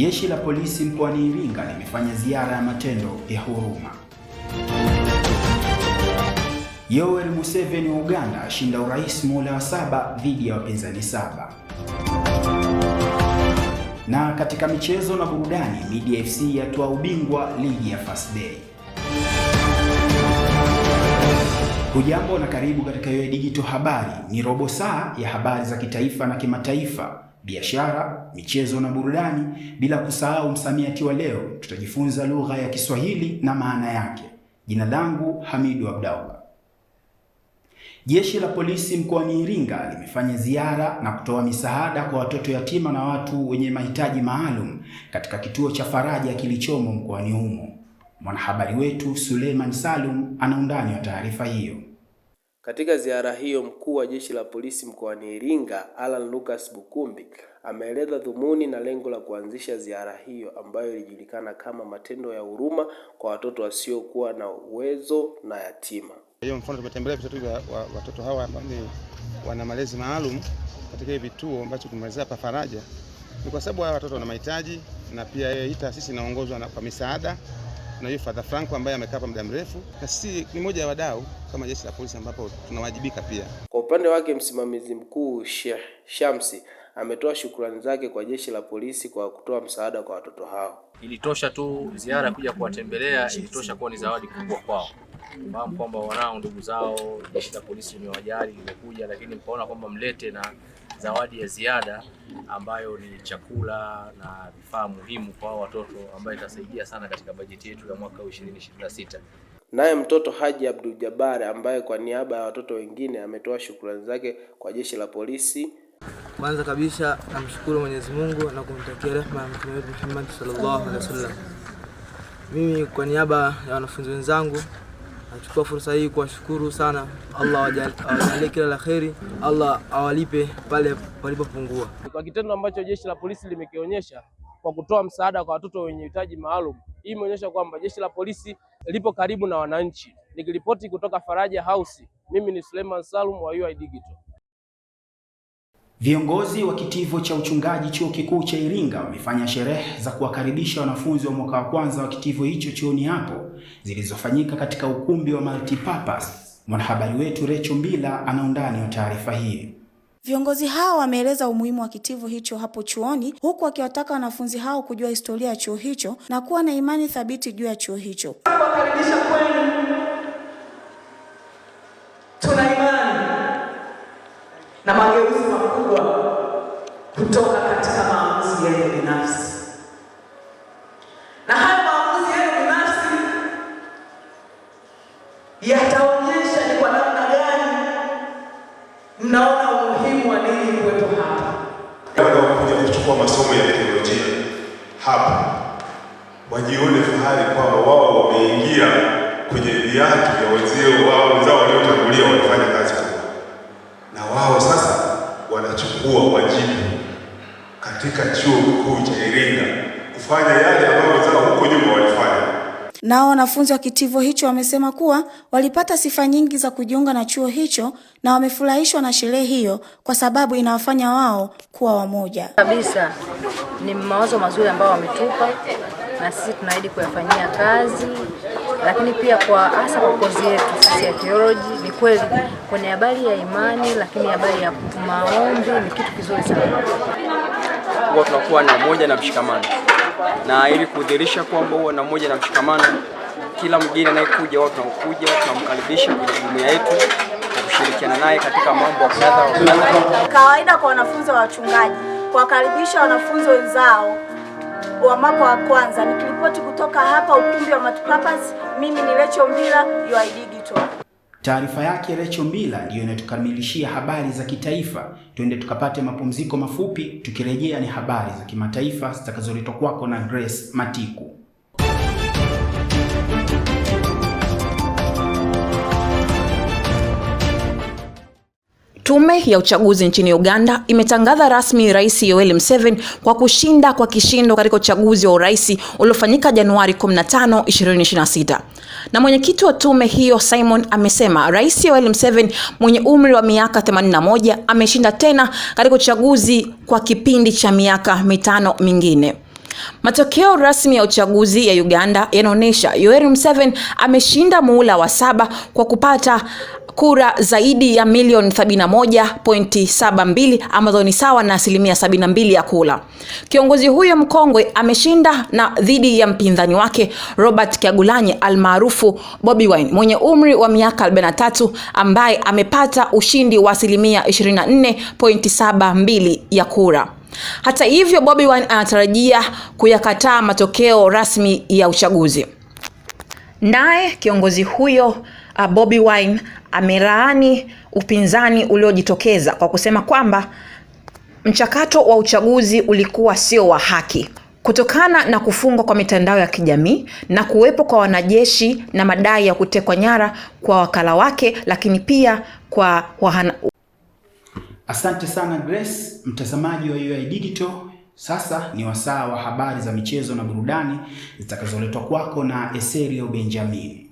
Jeshi la polisi mkoani Iringa limefanya ziara ya matendo ya huruma. Yoweri Museveni wa Uganda ashinda urais muhula wa saba dhidi ya wapinzani saba. Na katika michezo na burudani, Media FC yatoa ubingwa ligi ya First Day. Hujambo na karibu katika Yoe Digital Habari. Ni robo saa ya habari za kitaifa na kimataifa biashara, michezo na burudani, bila kusahau msamiati wa leo. Tutajifunza lugha ya Kiswahili na maana yake. Jina langu Hamidu Abdalla. Jeshi la polisi mkoani Iringa limefanya ziara na kutoa misaada kwa watoto yatima na watu wenye mahitaji maalum katika kituo cha Faraja kilichomo mkoani humo. Mwanahabari wetu Suleiman Salum ana undani wa taarifa hiyo. Katika ziara hiyo mkuu wa jeshi la polisi mkoani Iringa alan Lucas Bukumbi ameeleza dhumuni na lengo la kuanzisha ziara hiyo ambayo ilijulikana kama matendo ya huruma kwa watoto wasiokuwa na uwezo na yatima. Hiyo mfano tumetembelea vituo vya watoto hawa ambao ni wana malezi maalum katika hivi vituo ambacho tumeelezea hapa Faraja, ni kwa sababu hawa watoto wana mahitaji na pia hii taasisi inaongozwa kwa misaada na hiyo Father Franco ambaye amekaa hapa muda mrefu, na sisi ni moja ya wadau kama jeshi la polisi ambapo tunawajibika pia. Kwa upande wake, msimamizi mkuu Sheikh Shamsi ametoa shukrani zake kwa jeshi la polisi kwa kutoa msaada kwa watoto hao. Ilitosha tu ziara kuja kuwatembelea, ilitosha kuwa ni zawadi kubwa kwao. Mfahamu kwamba wanao ndugu zao, jeshi la polisi limewajali, limekuja, lakini mkaona kwamba mlete na zawadi ya ziada ambayo ni chakula na vifaa muhimu kwa watoto ambayo itasaidia sana katika bajeti yetu ya mwaka 2026. Naye mtoto Haji Abdul Jabbar ambaye kwa niaba ya watoto wengine ametoa shukrani zake kwa jeshi la polisi. Kwanza kabisa namshukuru Mwenyezi Mungu na kumtakia rehema Mtume wetu Muhammad sallallahu alaihi wasallam. Mimi kwa niaba ya wanafunzi wenzangu Nachukua fursa hii kuwashukuru sana Allah, awajalie kila la kheri, Allah awalipe pale palipopungua. Kwa kitendo ambacho jeshi la polisi limekionyesha kwa kutoa msaada kwa watoto wenye uhitaji maalum, hii imeonyesha kwamba jeshi la polisi lipo karibu na wananchi. Nikiripoti kutoka Faraja House, mimi ni Suleiman Salum wa UoI Digital. Viongozi wa kitivo cha uchungaji chuo kikuu cha Iringa wamefanya sherehe za kuwakaribisha wanafunzi wa mwaka wa kwanza wa kitivo hicho chuoni hapo zilizofanyika katika ukumbi wa multipurpose. Mwanahabari wetu Recho Mbila ana undani wa taarifa hii. Viongozi hao wameeleza umuhimu wa kitivo hicho hapo chuoni huku wakiwataka wanafunzi hao kujua historia ya chuo hicho na kuwa na imani thabiti juu ya chuo hicho. kutoka katika maamuzi yenu binafsi na haya maamuzi yenu binafsi yataonyesha ni kwa namna gani mnaona umuhimu wa nini kuwepo hapa. wakuja kuchukua masomo ya teolojia hapa wajione fahari kwamba wao wameingia kwenye viatu vya wenzao wao wenzao waliotangulia walifanya kazi kubwa, na wao sasa wanachukua wajibu katika chuo kikuu cha Iringa kufanya yale ambayo wenzao huko nyuma walifanya. Nao wanafunzi wa kitivo hicho wamesema kuwa walipata sifa nyingi za kujiunga na chuo hicho na wamefurahishwa na sherehe hiyo kwa sababu inawafanya wao kuwa wamoja. Kabisa ni mawazo mazuri ambayo wametupa na sisi tunaahidi kuyafanyia kazi, lakini pia kwa hasa kwa kozi yetu sisi ya theology, ni kweli kwenye habari ya imani, lakini habari ya maombi ni kitu kizuri sana huwa tunakuwa na umoja na mshikamano, na ili kudhihirisha kwamba huwa na umoja na mshikamano, kila mgeni anayekuja wao tunakuja tunamkaribisha kwenye jumuiya yetu na kushirikiana naye katika mambo ya kadha wa kadha. Kawaida kwa wanafunzi wa wachungaji kuwakaribisha wanafunzi wenzao wa mambo wa kwanza. Nikiripoti kutoka hapa ukumbi wa Matupapas, mimi ni Recho Mbila UID. Taarifa yake Rachel Mbila ndiyo inatukamilishia habari za kitaifa. Twende tukapate mapumziko mafupi, tukirejea ni habari za kimataifa zitakazoletwa kwako na Grace Matiku. Tume ya uchaguzi nchini Uganda imetangaza rasmi Rais Yoweri Museveni kwa kushinda kwa kishindo katika uchaguzi wa urais uliofanyika Januari 15, 2026. Na mwenyekiti wa tume hiyo Simon amesema Rais Yoweri Museveni mwenye umri wa miaka 81 ameshinda tena katika uchaguzi kwa kipindi cha miaka mitano mingine. Matokeo rasmi ya uchaguzi ya Uganda yanaonyesha Yoweri Museveni ameshinda muhula wa saba kwa kupata kura zaidi ya milioni 71.72 ambazo ni sawa na asilimia 72 ya kura. Kiongozi huyo mkongwe ameshinda na dhidi ya mpinzani wake Robert Kyagulanyi almaarufu Bobi Wine mwenye umri wa miaka 43 ambaye amepata ushindi wa asilimia 24.72 ya kura. Hata hivyo, Bobi Wine anatarajia kuyakataa matokeo rasmi ya uchaguzi. Naye kiongozi huyo uh, Bobi Wine amelaani upinzani uliojitokeza kwa kusema kwamba mchakato wa uchaguzi ulikuwa sio wa haki kutokana na kufungwa kwa mitandao ya kijamii na kuwepo kwa wanajeshi na madai ya kutekwa nyara kwa wakala wake, lakini pia kwa wahana, Asante sana Grace, mtazamaji wa UoI Digital. Sasa ni wasaa wa habari za michezo na burudani zitakazoletwa kwako na Eserio Benjamin.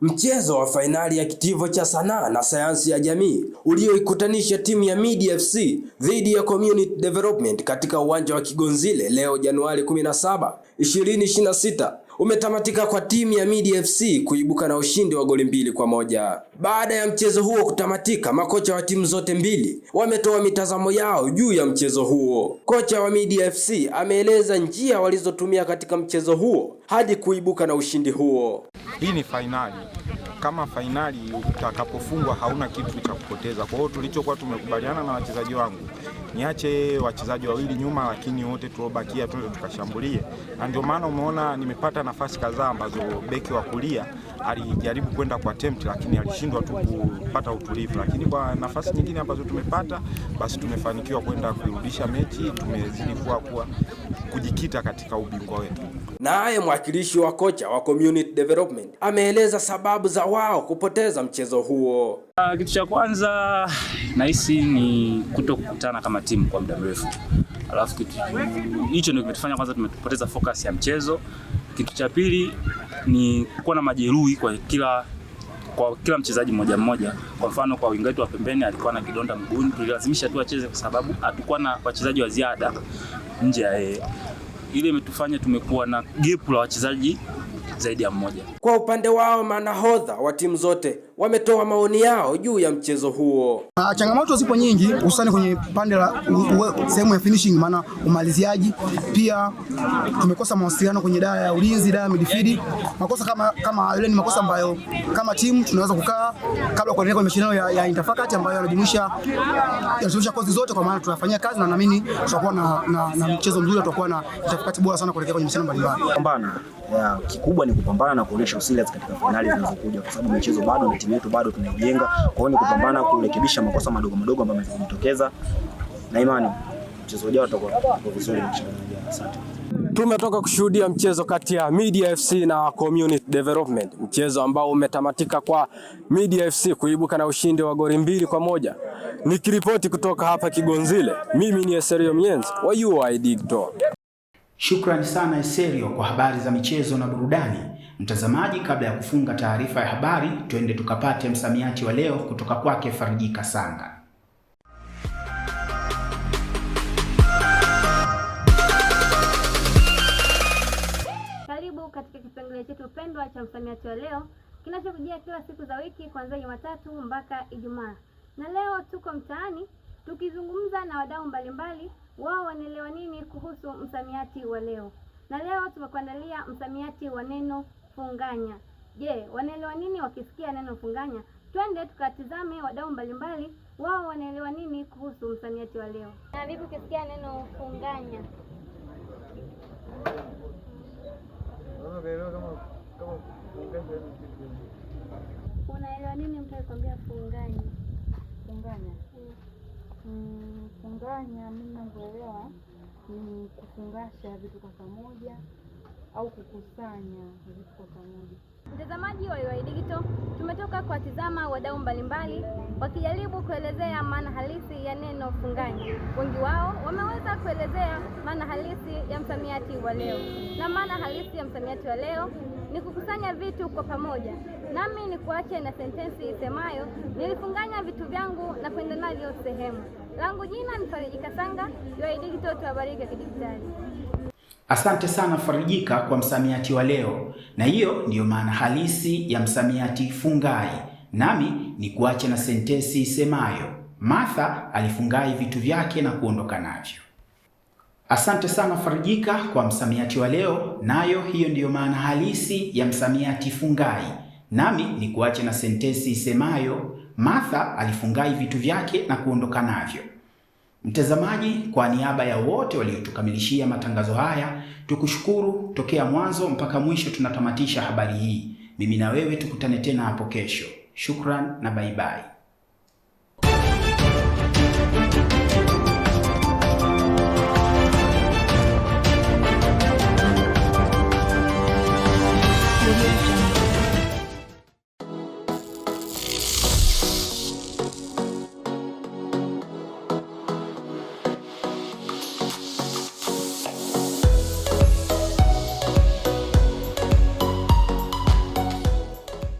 Mchezo wa fainali ya kitivo cha sanaa na sayansi ya jamii ulioikutanisha timu ya Midi FC dhidi ya Community Development katika uwanja wa Kigonzile leo Januari 17, 2026 umetamatika kwa timu ya Midi FC kuibuka na ushindi wa goli mbili kwa moja. Baada ya mchezo huo kutamatika, makocha wa timu zote mbili wametoa mitazamo yao juu ya mchezo huo. Kocha wa Midi FC ameeleza njia walizotumia katika mchezo huo hadi kuibuka na ushindi huo. Hii ni fainali. Kama fainali utakapofungwa, hauna kitu cha kupoteza. Kwa hiyo tulichokuwa tumekubaliana na wachezaji wangu niache wachezaji wawili nyuma, lakini wote tulobakia tuende tukashambulie, na ndio maana umeona nimepata nafasi kadhaa ambazo beki wa kulia alijaribu kwenda kwa attempt, lakini alishindwa tu kupata utulivu, lakini kwa nafasi nyingine ambazo tumepata basi tumefanikiwa kwenda kuirudisha mechi, tumezidi kuwa kuwa kujikita katika ubingwa wetu. Naye mwakilishi wa kocha wa community development ameeleza sababu za wao kupoteza mchezo huo. Ah, kitu cha kwanza nahisi ni kuto kukutana kama timu kwa muda mrefu, alafu kitu hicho ndio kimetufanya kwanza tumepoteza focus ya mchezo. Kitu cha pili ni kuwa na majeruhi kwa kila kwa kila mchezaji mmoja mmoja. Kwa mfano kwa winga wetu wa pembeni alikuwa na kidonda mguuni, tulilazimisha tu acheze kwa sababu hatukuwa na wachezaji wa ziada nje ya yeye ile imetufanya tumekuwa na gepu la wachezaji zaidi ya mmoja. Kwa upande wao, manahodha wa timu zote wametoa maoni yao juu ya mchezo huo. Ah, changamoto zipo nyingi hususani kwenye pande la sehemu ya finishing, maana umaliziaji. Pia tumekosa mawasiliano kwenye daya ya ulinzi, daya ya midfield. Makosa kama kama yale ni makosa ambayo kama timu tunaweza kukaa kabla kuendelea kwenye mashindano ya, ya Interfacat ambayo yanajumuisha yanajumuisha kozi zote, kwa maana tunafanyia kazi na naamini tutakuwa na, na, na mchezo mzuri, tutakuwa na Interfacat bora sana kuelekea kwenye mashindano mbalimbali. Pambana yeah, kikubwa ni kupambana na kuonyesha usilia katika finali zinazokuja kwa sababu michezo bado ni timu yetu bado tunaijenga. Kwa hiyo ni kupambana kurekebisha makosa madogo madogo ambayo yamejitokeza, na imani mchezo ujao utakuwa vizuri. Asante. Tumetoka kushuhudia mchezo kati ya Media FC na Community Development, mchezo ambao umetamatika kwa Media FC kuibuka na ushindi wa goli mbili kwa moja. Nikiripoti kutoka hapa Kigonzile, mimi ni Eserio Mienzi wa UoI Digital. Shukrani sana Eserio kwa habari za michezo na burudani. Mtazamaji, kabla ya kufunga taarifa ya habari, twende tukapate msamiati wa leo kutoka kwake Fariji Kasanga. Karibu katika kipengele chetu pendwa cha msamiati wa leo kinachokujia kila siku za wiki kuanzia Jumatatu mpaka Ijumaa, na leo tuko mtaani Tukizungumza na wadau mbalimbali, wao wanaelewa nini kuhusu msamiati wa leo, na leo tumekuandalia msamiati wa neno funganya. Je, wanaelewa nini wakisikia neno funganya? Twende tukatizame wadau mbalimbali, wao wanaelewa nini kuhusu msamiati wa leo. Na vipi ukisikia neno funganya? Unaelewa nini mtu akwambia funganya? Funganya. Hmm. Kufunganya mimi ninavyoelewa ni kufungasha vitu kwa pamoja au kukusanya vitu kwa pamoja. Mtazamaji wa UoI Digital, tumetoka kuwatizama wadau mbalimbali wakijaribu kuelezea maana halisi ya neno funganya. Wengi wao wameweza kuelezea maana halisi ya msamiati wa leo, na maana halisi ya msamiati wa leo ni kukusanya vitu kwa pamoja, nami ni kuache na sentensi isemayo nilifunganya vitu vyangu na kwenda navyo sehemu. Langu jina ni Farijika Sanga, UoI Digital, tuhabarike kidijitali. Asante sana Farijika kwa msamiati wa leo, na hiyo ndiyo maana halisi ya msamiati fungai. Nami ni kuache na sentensi isemayo Martha alifungai vitu vyake na kuondoka navyo. Asante sana Farijika kwa msamiati wa leo, nayo hiyo ndiyo maana halisi ya msamiati fungai. Nami ni kuache na sentensi isemayo Martha alifungai vitu vyake na kuondoka navyo. Mtazamaji, kwa niaba ya wote waliotukamilishia matangazo haya, tukushukuru tokea mwanzo mpaka mwisho. Tunatamatisha habari hii. Mimi na wewe tukutane tena hapo kesho. Shukran na baibai.